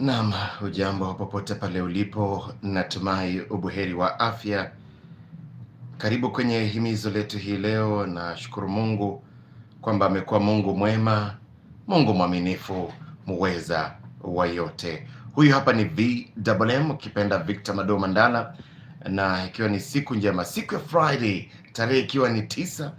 Naam, ujambo popote pale ulipo, natumai ubuheri wa afya. Karibu kwenye himizo letu hii leo. Nashukuru Mungu kwamba amekuwa Mungu mwema, Mungu mwaminifu, muweza wa yote. Huyu hapa ni VMM ukipenda Victor Mado Mandala, na ikiwa ni siku njema, siku ya Friday, tarehe ikiwa ni tisa,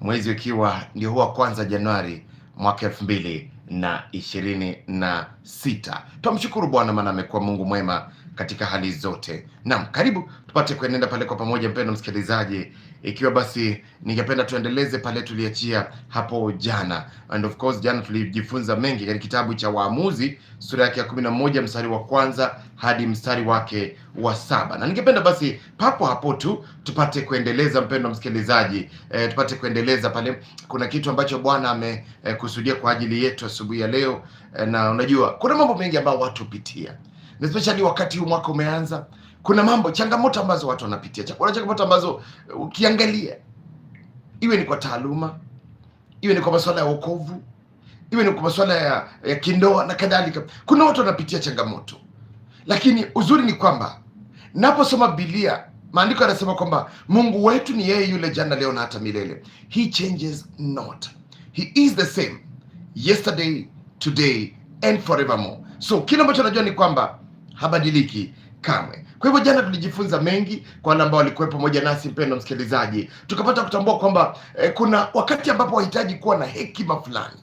mwezi ukiwa ndio huwa kwanza Januari mwaka elfu mbili na ishirini na sita. Tumshukuru Bwana maana amekuwa Mungu mwema katika hali zote. Naam, karibu tupate kuenenda pale kwa pamoja, mpendo msikilizaji. Ikiwa basi, ningependa tuendeleze pale tuliachia hapo jana, and of course jana tulijifunza mengi katika kitabu cha Waamuzi sura yake ya kumi na moja mstari wa kwanza hadi mstari wake wa saba na ningependa basi papo hapo tu tupate kuendeleza mpendo msikilizaji, e, tupate kuendeleza pale. Kuna kitu ambacho Bwana amekusudia e, kwa ajili yetu asubuhi ya leo e, na unajua kuna mambo mengi ambayo watu hupitia especially wakati huu mwaka umeanza kuna mambo changamoto ambazo watu wanapitia, kuna changamoto ambazo eh, ukiangalia, iwe ni kwa taaluma, iwe ni kwa masuala ya wokovu, iwe ni kwa masuala ya, ya kindoa na kadhalika, kuna watu wanapitia changamoto, lakini uzuri ni kwamba naposoma bilia maandiko yanasema kwamba Mungu wetu ni yeye yule jana, leo na hata milele. He changes not, he is the same yesterday, today and forevermore. So kile ambacho najua ni kwamba habadiliki kamwe. Kwa hivyo jana tulijifunza mengi kwa wale ambao walikuwa pamoja nasi, mpendo msikilizaji, tukapata kutambua kwamba eh, kuna wakati ambapo wahitaji kuwa na hekima fulani.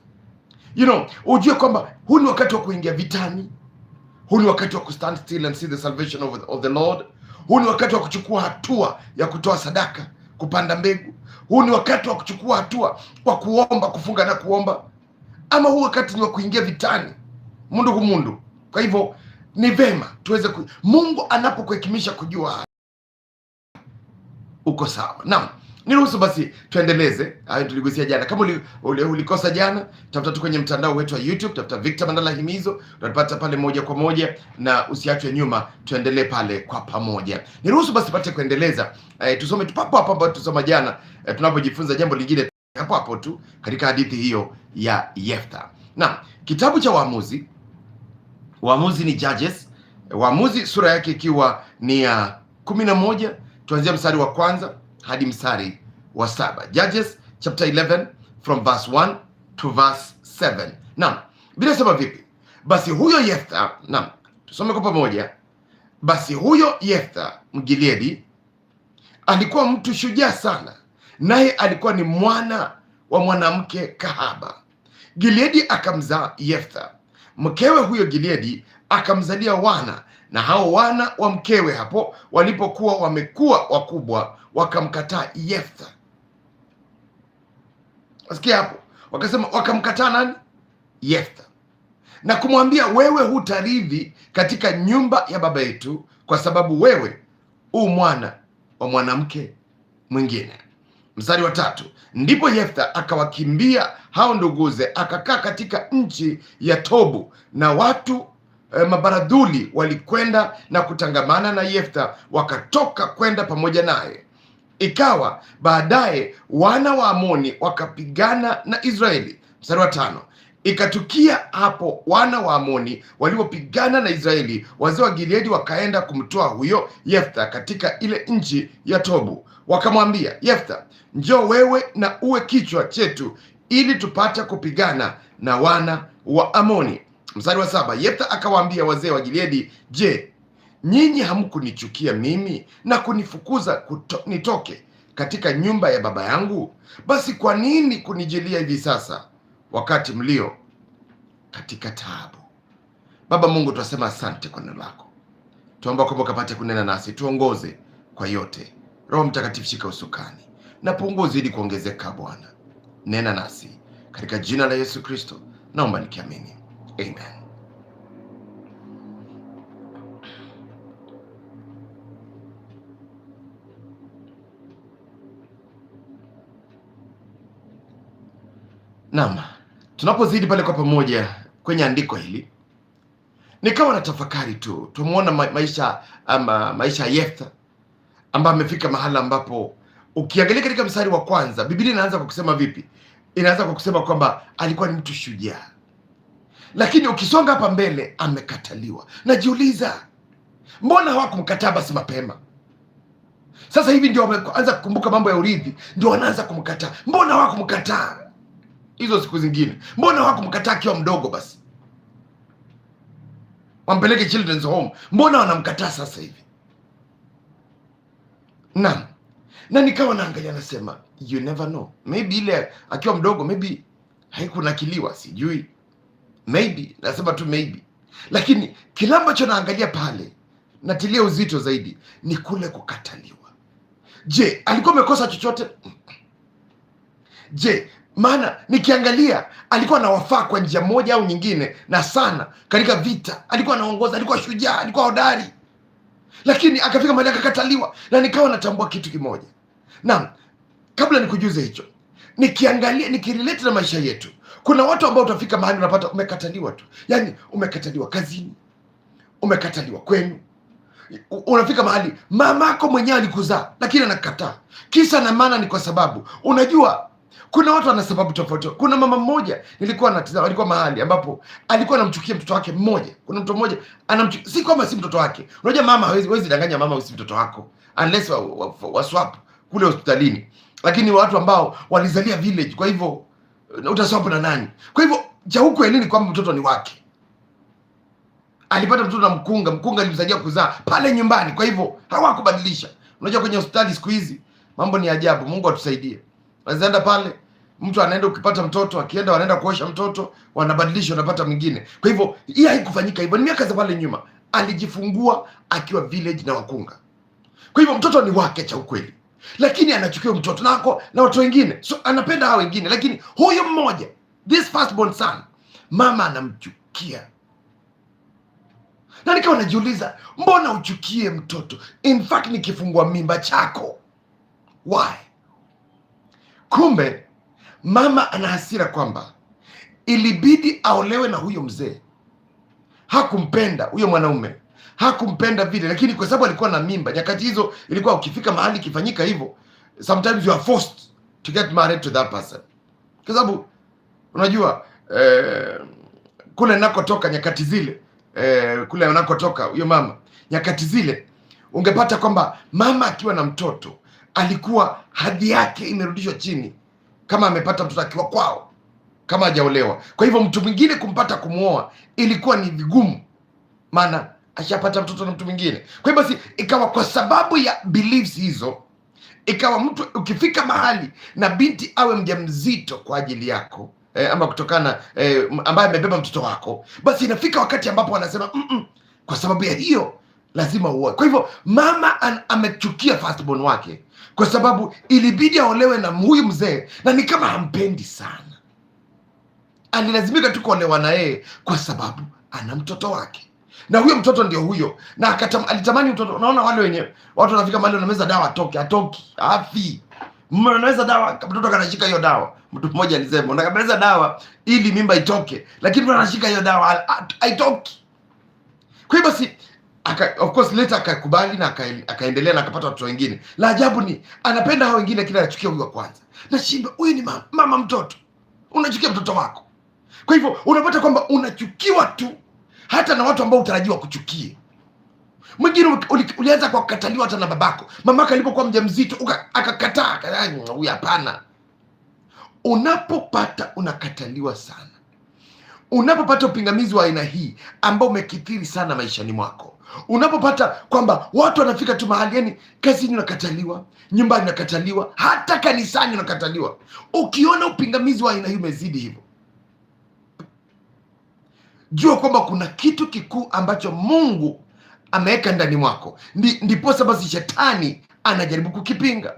You know, ujue kwamba huu ni wakati wa kuingia vitani, huu ni wakati wa kustand still and see the salvation of, of the Lord. Huu ni wakati wa kuchukua hatua ya kutoa sadaka, kupanda mbegu. Huu ni wakati wa kuchukua hatua wa kuomba, kufunga na kuomba, ama huu wakati ni wa kuingia vitani mundu kumundu. Kwa hivyo ni vema tuweze ku... Mungu anapokuhekimisha kujua uko sawa. Naam, niruhusu basi tuendeleze hayo tuligusia jana. Kama uli, uli, ulikosa jana, tafuta tu kwenye mtandao wetu wa YouTube, tafuta Victor Mandala Himizo, utapata pale moja kwa moja, na usiachwe nyuma, tuendelee pale kwa pamoja. Niruhusu basi pate kuendeleza eh, tusome tu papo hapo ambao tusoma jana eh, tunapojifunza jambo lingine hapo hapo tu katika hadithi hiyo ya Yefta. Naam, kitabu cha Waamuzi Waamuzi ni Judges, Waamuzi sura yake ikiwa ni ya kumi na moja tuanzia mstari wa kwanza hadi mstari wa saba Judges chapter 11 from verse 1 to verse 7. Naam, bila sema vipi? Basi huyo yefta naam, tusome kwa pamoja. Basi huyo Yeftha Mgileadi alikuwa mtu shujaa sana, naye alikuwa ni mwana wa mwanamke kahaba. Gileadi akamzaa yefta Mkewe huyo Gileadi akamzalia wana, na hao wana wa mkewe hapo walipokuwa wamekuwa wakubwa, wakamkataa Yeftha. Wasikia hapo, wakasema wakamkataa nani? Yeftha, na kumwambia wewe, hutarithi katika nyumba ya baba yetu, kwa sababu wewe u mwana wa mwanamke mwingine mstari wa tatu, ndipo Yeftha akawakimbia hao nduguze, akakaa katika nchi ya Tobu, na watu e, mabaradhuli walikwenda na kutangamana na Yeftha, wakatoka kwenda pamoja naye. Ikawa baadaye wana wa Amoni wakapigana na Israeli. Mstari wa tano, Ikatukia hapo wana wa Amoni walipopigana na Israeli, wazee wa Gileadi wakaenda kumtoa huyo Yeftha katika ile nchi ya Tobu wakamwambia Yefta, njoo wewe na uwe kichwa chetu ili tupate kupigana na wana wa Amoni. Mstari wa saba, Yefta akawaambia wazee wa Gileadi, je, nyinyi hamkunichukia mimi na kunifukuza kuto, nitoke katika nyumba ya baba yangu? Basi kwa nini kunijilia hivi sasa wakati mlio katika taabu? Baba Mungu, tunasema asante kwa neno lako, tuomba kwamba ukapate kunena nasi, tuongoze kwa yote Roho Mtakatifu, shika usukani na pungu uzidi kuongezeka. Bwana, nena nasi katika jina la Yesu Kristo naomba nikiamini, amen. Naam, tunapozidi pale kwa pamoja kwenye andiko hili, nikawa na tafakari tu, tumuona maisha ama maisha Yefta ambaye amefika mahala ambapo ukiangalia katika mstari wa kwanza Biblia inaanza kwa kusema vipi? Inaanza kwa kusema kwamba alikuwa ni mtu shujaa, lakini ukisonga hapa mbele amekataliwa. Najiuliza, mbona hawakumkataa basi mapema? Sasa hivi ndio wameanza kukumbuka mambo ya urithi, ndio wanaanza kumkataa. Mbona hawakumkataa hizo siku zingine? Mbona hawakumkataa akiwa mdogo basi wampeleke children's home? Mbona wanamkataa sasa hivi? na Na nikawa naangalia nasema you never know. Maybe ile akiwa mdogo maybe haikunakiliwa sijui. Maybe nasema tu maybe. Lakini kila ambacho naangalia pale natilia uzito zaidi ni kule kukataliwa. Je, alikuwa amekosa chochote? Je, maana nikiangalia alikuwa anawafaa kwa njia moja au nyingine, na sana katika vita alikuwa anaongoza, alikuwa shujaa, alikuwa hodari lakini akafika mahali akakataliwa, na nikawa natambua kitu kimoja. Naam, kabla nikujuze hicho, nikiangalia nikirelate na maisha yetu, kuna watu ambao utafika mahali unapata umekataliwa tu, yani umekataliwa kazini, umekataliwa kwenu unafika mahali mamako mwenyewe alikuzaa lakini anakataa. Kisa na maana ni kwa sababu unajua kuna watu wana sababu tofauti. Kuna mama mmoja nilikuwa natazama, alikuwa mahali ambapo alikuwa anamchukia mtoto wake mmoja. Kuna mtu mmoja anamchukia, si kwamba si mtoto wake. Unajua mama hawezi, hawezi danganya mama usi mtoto wako unless wa, wa, wa, wa swap kule hospitalini, lakini watu ambao walizalia village, kwa hivyo utaswap na nani? Kwa hivyo cha huko nini kwamba mtoto ni wake, alipata mtoto na mkunga, mkunga alimsaidia kuzaa pale nyumbani, kwa hivyo hawakubadilisha. Unajua kwenye hospitali siku hizi mambo ni ajabu. Mungu atusaidie wanaenda pale, mtu anaenda, ukipata mtoto akienda, wanaenda kuosha mtoto, wanabadilisha, wanapata mwingine. Kwa hivyo hii haikufanyika hivyo, ni miaka za pale nyuma. Alijifungua akiwa village na wakunga, kwa hivyo mtoto ni wake cha ukweli, lakini anachukiwa mtoto nako na watu wengine, so anapenda hao wengine, lakini huyo mmoja, this born son, mama anamchukia na nikawa najiuliza mbona uchukie mtoto? In fact nikifungua mimba chako, why? Kumbe mama ana hasira kwamba ilibidi aolewe na huyo mzee, hakumpenda huyo mwanaume, hakumpenda vile, lakini kwa sababu alikuwa na mimba. Nyakati hizo ilikuwa ukifika mahali ikifanyika hivyo, sometimes you are forced to get married to that person, kwa sababu unajua eh, kule nakotoka nyakati zile eh, kule nakotoka huyo mama nyakati zile, ungepata kwamba mama akiwa na mtoto alikuwa hadhi yake imerudishwa chini, kama amepata mtoto akiwa kwao, kama hajaolewa. Kwa hivyo mtu mwingine kumpata kumwoa ilikuwa ni vigumu, maana ashapata mtoto na mtu mwingine. Kwa hivyo basi, ikawa kwa sababu ya beliefs hizo, ikawa mtu ukifika mahali na binti awe mjamzito kwa ajili yako eh, ama kutokana eh, ambaye amebeba mtoto wako, basi inafika wakati ambapo wanasema mm -mm, kwa sababu ya hiyo lazima uoe. Kwa hivyo mama amechukia firstborn wake kwa sababu ilibidi aolewe na huyu mzee, na ni kama hampendi sana, alilazimika tu kuolewa na yeye kwa sababu ana mtoto wake, na huyo mtoto ndio huyo, na akatam, alitamani mtoto. Unaona wale wenye watu wanafika mahali wanameza dawa, atoke atoki, afi mnaweza dawa, mtoto kanashika hiyo dawa. Mtu mmoja alisema unakameza dawa ili mimba itoke, lakini anashika hiyo dawa haitoki. Kwa hiyo basi aka, of course later akakubali na akaendelea na akapata watoto wengine. La ajabu ni anapenda hao wengine, lakini anachukia huyu wa kwanza. Nashindwa, huyu ni mama, mama mtoto, unachukia mtoto wako. Kwa hivyo unapata kwamba unachukiwa tu hata na watu ambao utarajiwa kuchukie. Mwingine ulianza kwa kukataliwa hata na babako, mamako alipokuwa mjamzito akakataa, huyu hapana. Unapopata unakataliwa sana, unapopata upingamizi wa aina hii ambao umekithiri sana maishani mwako Unapopata kwamba watu wanafika tu mahali, yani kazini unakataliwa, nyumbani unakataliwa, hata kanisani unakataliwa. Ukiona upingamizi wa aina hii umezidi hivyo, jua kwamba kuna kitu kikuu ambacho Mungu ameweka ndani mwako, ndiposa basi shetani anajaribu kukipinga.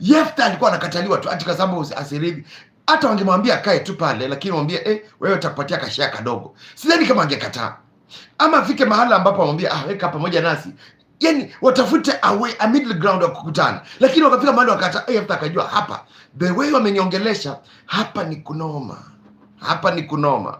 Yefta alikuwa anakataliwa tu, ati kwa sababu Hata wangemwambia akae tu pale, lakini mwambie eh, wewe utakupatia kashia kadogo, sidhani kama angekataa ama afike mahala ambapo amwambia ah, weka pamoja nasi, yani watafute away a middle ground wa kukutana, lakini wakafika mahali wakata hey, eh, hata akajua hapa the way wameniongelesha hapa ni kunoma, hapa ni kunoma.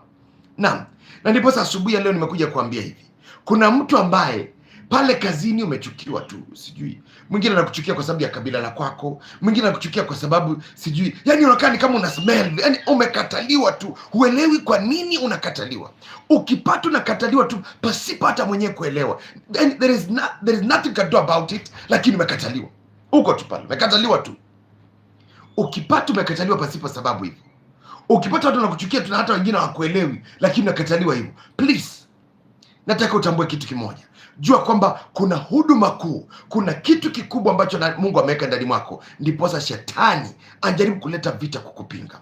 Naam, na ndipo asubuhi ya leo nimekuja kuambia hivi, kuna mtu ambaye pale kazini umechukiwa tu, sijui mwingine anakuchukia kwa sababu ya kabila la kwako, mwingine anakuchukia kwa sababu sijui, yani unakaa ni kama una smell, yani umekataliwa tu, huelewi kwa nini unakataliwa. Ukipata unakataliwa tu pasipo hata mwenyewe kuelewa, yani there is not, there is nothing can do about it, lakini umekataliwa huko tu pale, umekataliwa tu. Ukipata umekataliwa pasipo sababu hivyo, ukipata watu wanakuchukia tu na hata wengine hawakuelewi, lakini unakataliwa hivyo. Please, nataka utambue kitu kimoja jua kwamba kuna huduma kuu, kuna kitu kikubwa ambacho Mungu ameweka ndani mwako, ndiposa shetani anajaribu kuleta vita kukupinga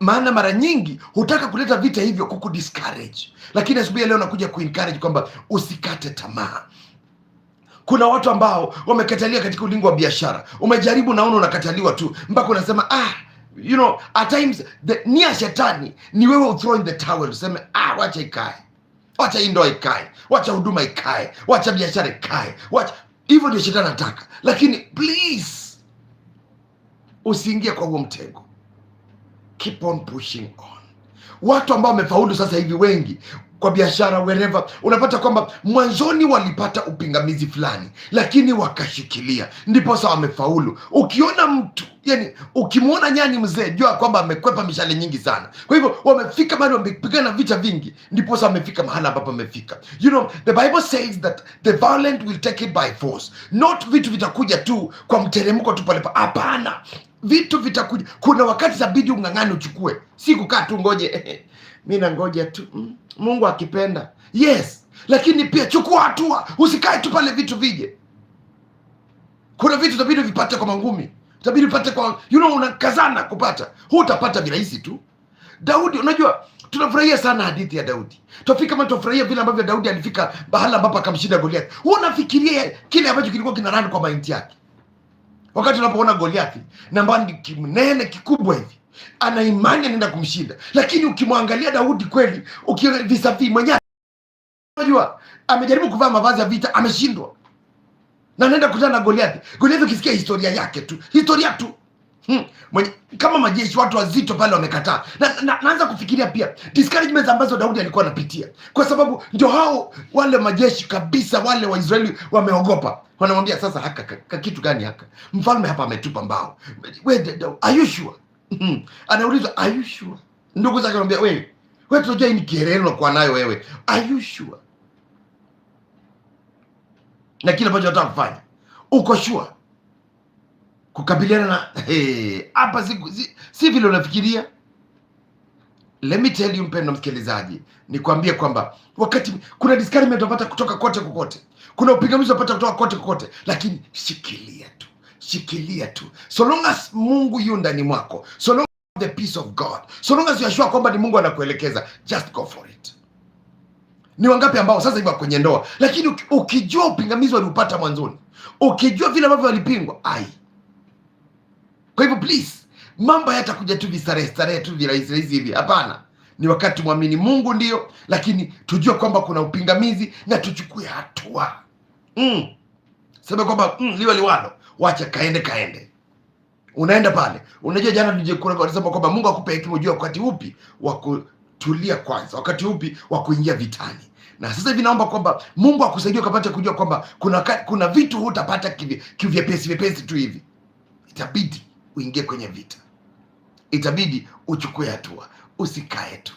maana mara nyingi hutaka kuleta vita hivyo kuku lakini asubuhi ya leo nakuja kuencourage kwamba usikate tamaa. Kuna watu ambao wamekatalia katika ulingo wa biashara, umejaribu, naona unakataliwa tu mpaka unasema ah, you know, at times the nia shetani ni wewe uthrowing the towel, useme ah, wacha ikae Wacha hii ndoa ikae, wacha huduma ikae, wacha biashara ikae, wacha hivyo. Ndio shetani anataka, lakini please usiingie kwa huo mtego. Keep on pushing on. Watu ambao wamefaulu sasa hivi wengi kwa biashara wereva, unapata kwamba mwanzoni walipata upingamizi fulani, lakini wakashikilia, ndipo sa wamefaulu. Ukiona mtu yani, ukimwona nyani mzee, jua kwamba amekwepa mishale nyingi sana. Kwa hivyo wamefika mahali, wamepigana vita vingi, ndiposa wamefika mahala ambapo wamefika. You know, the Bible says that the violent will take it by force, not vitu vitakuja tu kwa mteremko tu pale pale. Hapana, vitu vitakuja. Kuna wakati zabidi ung'ang'ani, uchukue, si kukaa tu ngoje mi nangoja tu mm. Mungu akipenda. Yes, lakini pia chukua hatua, usikae tu pale vitu vije. Kuna vitu tabidi vipate kwa mangumi, tabidi vipate kwa you know, unakazana kupata, hu utapata virahisi tu. Daudi, unajua tunafurahia sana hadithi ya Daudi, tafika ma tunafurahia vile ambavyo Daudi alifika bahala ambapo akamshinda Goliathi. hu unafikiria kile ambacho kilikuwa kinarani kwa mainti yake, wakati unapoona Goliathi nambani kimnene kikubwa hivi ana imani anaenda kumshinda, lakini ukimwangalia Daudi kweli, ukivisafi mwenyewe, unajua amejaribu kuvaa mavazi ya vita, ameshindwa na anaenda kutana na Goliathi. Goliathi ukisikia historia yake tu, historia tu Hmm. Mwenye, kama majeshi watu wazito pale wamekataa na, na, naanza kufikiria pia discouragement ambazo Daudi alikuwa anapitia, kwa sababu ndio hao wale majeshi kabisa wale Waisraeli wameogopa, wanamwambia sasa haka, haka kitu gani haka mfalme hapa ametupa mbao. We, are you sure? Hmm. Anaulizwa, are you sure? Ndugu zake anamwambia wewe, wewe tunajua hii ni gereno unakuwa nayo wewe, are you sure? Na kile ambacho nataka kufanya uko sure kukabiliana na hapa hey, si, si vile unafikiria. Let me tell you mpendo msikilizaji, nikwambie kwamba wakati kuna discouragement unapata kutoka kote kokote, kuna upingamizi unapata kutoka kote kokote, lakini shikilia tu shikilia tu, so long as Mungu yu ndani mwako, so long as the peace of God, so long as you are sure kwamba ni Mungu anakuelekeza, just go for it. Ni wangapi ambao sasa hivi kwenye ndoa, lakini ukijua upingamizi waliupata mwanzoni, ukijua vile ambavyo walipingwa ai. Kwa hivyo please, mambo yatakuja tu vistarehe tu virahisi hivi, hapana. Ni wakati mwamini Mungu ndio, lakini tujue kwamba kuna upingamizi na tuchukue hatua mm. Sema kwamba mm, liwe liwalo wacha kaende kaende. Unaenda pale, unajua jana tunasema kwamba Mungu akupe hekima ujue wakati upi wa kutulia kwanza, wakati upi wa kuingia vitani. Na sasa hivi naomba kwamba Mungu akusaidie ukapate kujua kwamba kuna, kuna vitu hutapata kivyepesi vyepesi tu hivi, itabidi uingie kwenye vita, itabidi uchukue hatua, usikae tu.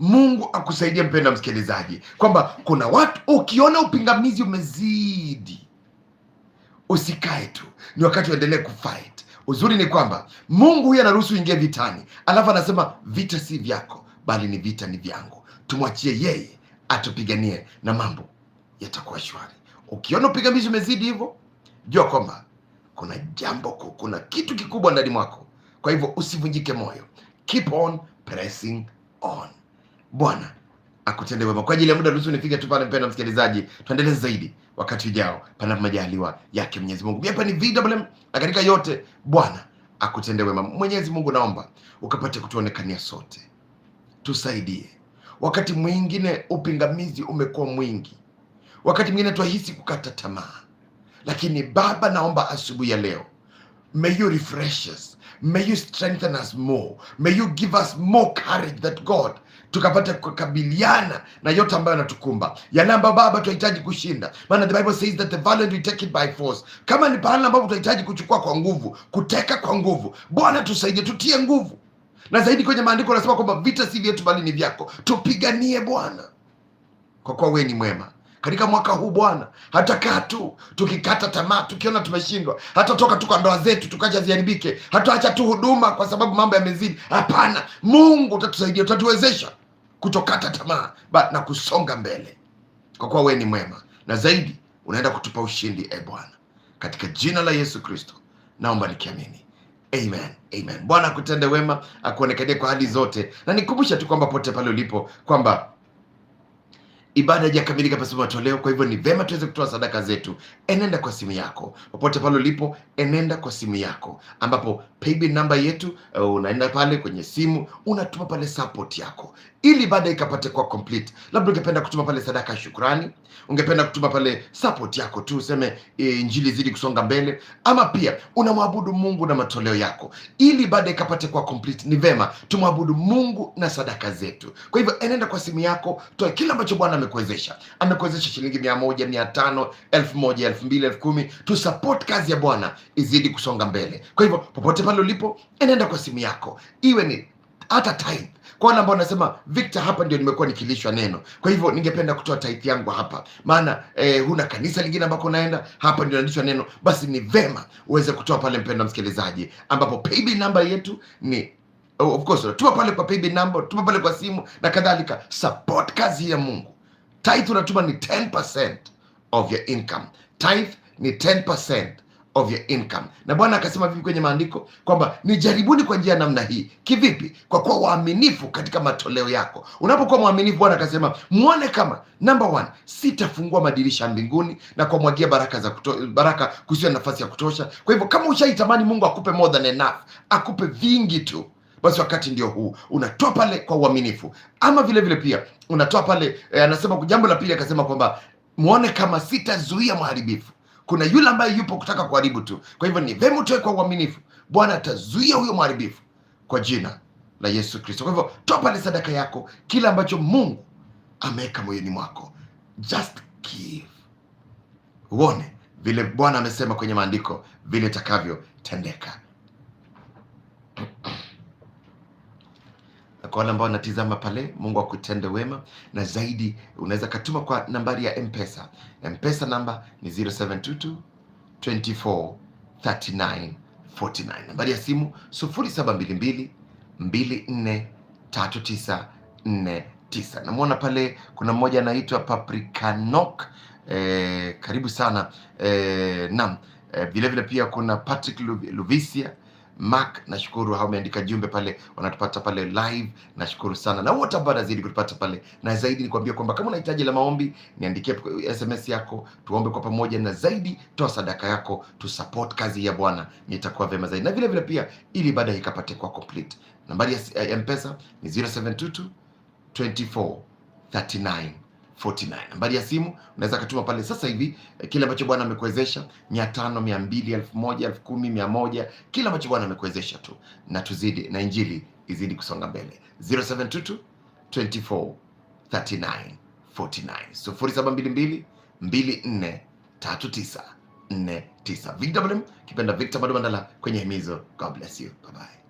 Mungu akusaidie mpenda msikilizaji, kwamba kuna watu ukiona upingamizi umezidi Usikae tu, ni wakati uendelee kufight. Uzuri ni kwamba Mungu huyu anaruhusu ingie vitani, alafu anasema vita si vyako, bali ni vita ni vyangu. Tumwachie yeye atupiganie na mambo yatakuwa shwari. Ukiona upigamizi umezidi hivyo, jua kwamba kuna jambo kuu, kuna kitu kikubwa ndani mwako. Kwa hivyo usivunjike moyo, keep on pressing on. Bwana akutende wema. Kwa ajili ya muda ruhusu nifike tu pale, mpenda msikilizaji, tuendelee zaidi wakati ujao, panapo majaliwa yake Mwenyezi Mungu. Hapa ni VMM na katika yote Bwana akutende wema. Mwenyezi Mungu, naomba ukapate kutuonekania sote, tusaidie. Wakati mwingine upingamizi umekuwa mwingi, wakati mwingine twahisi kukata tamaa, lakini Baba, naomba asubuhi ya leo may you refreshes May you strengthen us more, may you give us more courage that God tukapata kukabiliana na yote ambayo yanatukumba, yale ambayo Baba tunahitaji kushinda, maana the Bible says that the valiant we take it by force. Kama ni pahala ambapo tunahitaji kuchukua kwa nguvu, kuteka kwa nguvu, Bwana tusaidie, tutie nguvu na zaidi. Kwenye maandiko anasema kwamba vita si vyetu, bali ni vyako. Tupiganie Bwana, kwa kuwa wewe ni mwema katika mwaka huu Bwana, hatakaa tu tukikata tamaa, tukiona tumeshindwa, hatatoka tu kwa ndoa zetu tukaja ziharibike, acha tu huduma kwa sababu mambo yamezidi. Hapana, Mungu utatusaidia, utatuwezesha kutokata tamaa na kusonga mbele, kwa kuwa wewe ni mwema na zaidi unaenda kutupa ushindi. E Bwana, katika jina la Yesu Kristo naomba nikiamini. Amen, amen. Bwana akutende wema, akuonekanie kwa hali zote, na nikumbusha tu kwamba pote pale ulipo kwamba ibada haijakamilika pasipo matoleo. Kwa hivyo ni vema tuweze kutoa sadaka zetu. Enenda kwa simu yako, popote pale ulipo, enenda kwa simu yako, ambapo paybill namba yetu eh, unaenda pale kwenye simu, unatuma pale support yako ili baada ikapate kuwa complete. Labda ungependa kutuma pale sadaka ya shukrani, ungependa kutuma pale support yako tu, useme eh, injili zidi kusonga mbele, ama pia unamwabudu Mungu na matoleo yako, ili baada ikapate kuwa complete. Ni vema tumwabudu Mungu na sadaka zetu. Kwa hivyo, enenda kwa simu yako, toa kila ambacho Bwana amekuwezesha. Amekuwezesha shilingi mia moja, mia tano, elfu moja, elfu mbili, elfu kumi. Tu support kazi ya Bwana izidi kusonga mbele. Kwa hivyo, popote pale ulipo, enenda kwa simu yako, iwe ni hata time kwa wale ambao wanasema Victor, hapa ndio nimekuwa nikilishwa neno, kwa hivyo ningependa kutoa tithe yangu hapa, maana eh, huna kanisa lingine ambako unaenda, hapa ndio nalishwa neno, basi ni vema uweze kutoa pale, mpenda msikilizaji, ambapo paybill namba yetu ni oh, of course tuma pale kwa paybill namba, tuma pale kwa simu na kadhalika, support kazi ya Mungu. Tithe unatuma ni 10% of your income. Tithe ni 10% of your income. Na Bwana akasema vipi kwenye maandiko kwamba nijaribuni kwa njia ya namna hii. Kivipi? Kwa kuwa waaminifu katika matoleo yako. Unapokuwa mwaminifu, Bwana akasema muone kama number one, sitafungua madirisha mbinguni na kumwagia baraka za kuto, baraka nafasi ya kutosha. Kwa hivyo kama ushaitamani Mungu akupe more than enough, akupe vingi tu basi wakati ndio huu, unatoa pale kwa uaminifu, ama vile vile pia unatoa pale. Eh, anasema jambo la pili akasema kwamba muone kama sitazuia mharibifu kuna yule ambaye yupo kutaka kuharibu tu. Kwa hivyo ni vema utoe kwa uaminifu, Bwana atazuia huyo mharibifu kwa jina la Yesu Kristo. Kwa hivyo toa pale sadaka yako, kile ambacho Mungu ameweka moyoni mwako, just give, uone vile Bwana amesema kwenye maandiko vile itakavyotendeka. kwa wale ambao wanatizama pale, Mungu akutende wema na zaidi. Unaweza katuma kwa nambari ya Mpesa. Mpesa namba ni 0722 24 39 nambari ya simu 0722 24 3949. Namwona pale kuna mmoja anaitwa Nok. Eh, karibu sana eh, nam eh, vilevile pia kuna Patrick Luvisia Mark, nashukuru hao umeandika jumbe pale, wanatupata pale live, nashukuru sana na wote ambao wanazidi kutupata pale. Na zaidi ni kuambia kwamba kama unahitaji la maombi, niandikie SMS yako, tuombe kwa pamoja, na zaidi toa sadaka yako, tu support kazi ya Bwana, nitakuwa vema zaidi, na vile vile pia ili baada ikapate kwa complete. Nambari ya Mpesa ni 0722 24 39 49. Nambari ya simu unaweza kutuma pale sasa hivi eh, kile ambacho Bwana amekuwezesha 500, 200, 1000, 10,000, 100, kile ambacho Bwana amekuwezesha tu, na tuzidi na injili izidi kusonga mbele. 0722 24 39 49 0722 24 39 49 VMM kipenda Victor Mandala kwenye himizo. God bless you. Bye bye.